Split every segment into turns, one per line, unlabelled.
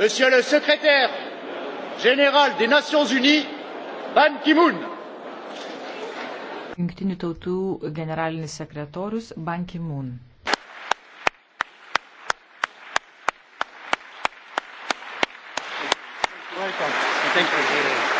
Monsieur le secrétaire général des Nations Unies, Ban Ki-moon. Junktinių tautų generalinis sekretorius Ban Ki-moon. Thank you.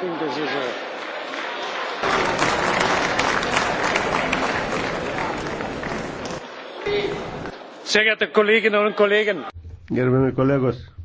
punto de vue. Sehr geehrte Kolleginnen und Kollegen! Gerbiami kolegos,